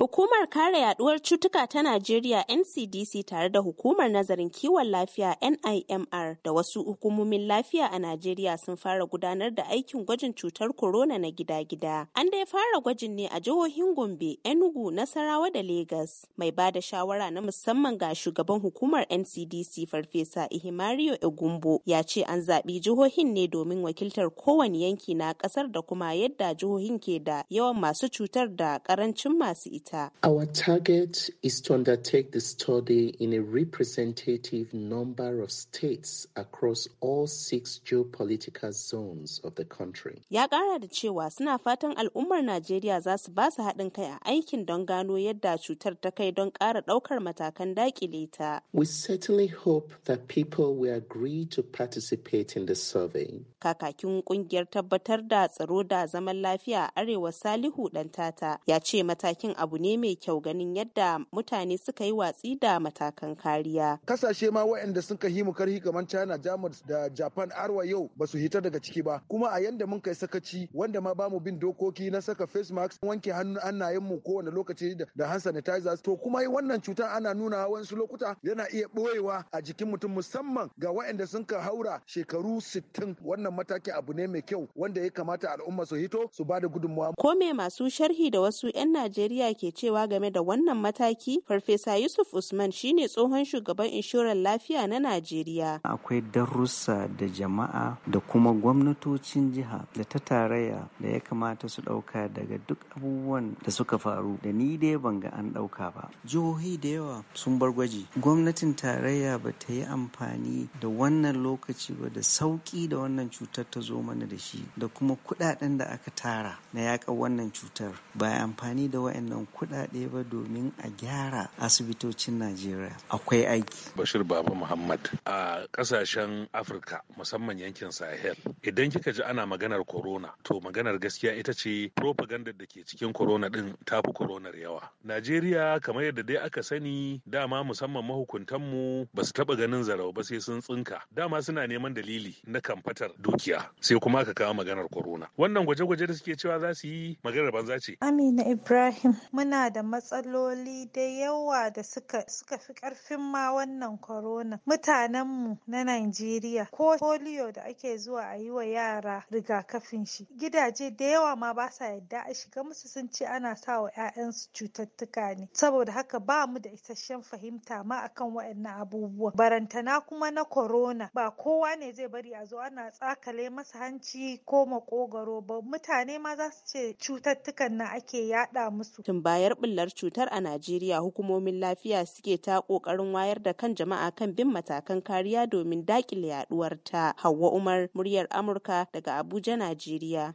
Hukumar Kare Yaduwar Cutuka ta Najeriya NCDC tare da Hukumar Nazarin Kiwon Lafiya NIMR da wasu hukumomin lafiya a Najeriya sun fara gudanar da aikin gwajin cutar corona na gida-gida. An dai fara gwajin ne a jihohin Gombe, Enugu, Nasarawa da Legas. Mai ba da shawara na musamman ga shugaban hukumar NCDC Farfesa Ihimario Egumbo ya ce an zaɓi jihohin ne domin wakiltar kowane yanki na ƙasar da kuma yadda jihohin ke da yawan masu cutar da ƙarancin masu ita. sector. Our target is to undertake the study in a representative number of states across all six geopolitical zones of the country. Ya kara da cewa suna fatan al'ummar Najeriya za su ba su haɗin kai a aikin don gano yadda cutar ta kai don ƙara ɗaukar matakan daƙile ta. We certainly hope that people will agree to participate in the survey. Kakakin ƙungiyar tabbatar da tsaro da zaman lafiya Arewa Salihu Ɗantata ya ce matakin abu ne mai kyau ganin yadda mutane suka yi watsi da matakan kariya. Kasashe ma waɗanda suka yi mu karhi kamar China, Jamus da Japan arwa yau ba su hita daga ciki ba. Kuma a yanda mun kai sakaci wanda ma bamu bin dokoki na saka face mask wanke hannu hannayen mu kowane lokaci da hand sanitizers to kuma wannan cutar ana nuna wasu lokuta yana iya ɓoyewa a jikin mutum musamman ga waɗanda sun ka haura shekaru 60 wannan mataki abu ne mai kyau wanda ya kamata al'umma su hito su ba da gudunmawa. Ko me masu sharhi da wasu 'yan Najeriya ke cewa game da wannan mataki farfesa yusuf usman shine tsohon shugaban inshorar lafiya na najeriya akwai darussa da jama'a da kuma gwamnatocin jiha da ta tarayya da ya kamata su ɗauka daga duk abubuwan da suka faru da ni dai ban ga an ɗauka ba jihohi da yawa sun bar gwaji gwamnatin tarayya ba ta yi amfani da wannan lokaci ba da sauƙi da wannan cutar ta zo mana da shi da kuma kuɗaɗen da aka tara na yaƙa wannan cutar ba amfani da wa'annan kuɗaɗe ba domin a gyara asibitocin Najeriya. Akwai aiki. Bashir Baba Muhammad a ƙasashen Afirka musamman yankin Sahel. Idan kika ji ana maganar corona to maganar gaskiya ita ce propaganda da ke cikin corona din tafi coronar yawa. Najeriya kamar yadda dai aka sani dama musamman mahukuntanmu ba su taɓa ganin zarau ba sai sun tsinka. Dama suna neman dalili na kamfatar dukiya sai kuma aka kawo maganar corona. Wannan gwaje-gwaje da suke cewa za su yi maganar banza ce. Amina Ibrahim muna da matsaloli da yawa da suka fi karfin ma wannan corona mu na Najeriya ko polio da ake zuwa a yi wa yara rigakafin shi gidaje da yawa ma ba sa yadda a shiga musu sun ce ana sa wa 'ya'yansu cututtuka ne saboda haka ba mu da isasshen fahimta ma akan waɗannan abubuwa barantana kuma na corona ba kowa ne zai bari a zo ana tsakale masa hanci ko makogaro ba mutane ma za su ce cututtukan na ake yada musu kwayar bullar cutar a Najeriya hukumomin lafiya suke ta ƙoƙarin wayar da kan jama'a kan bin matakan kariya domin dakile yaduwar ta. Hauwa Umar, muryar Amurka daga Abuja, Najeriya.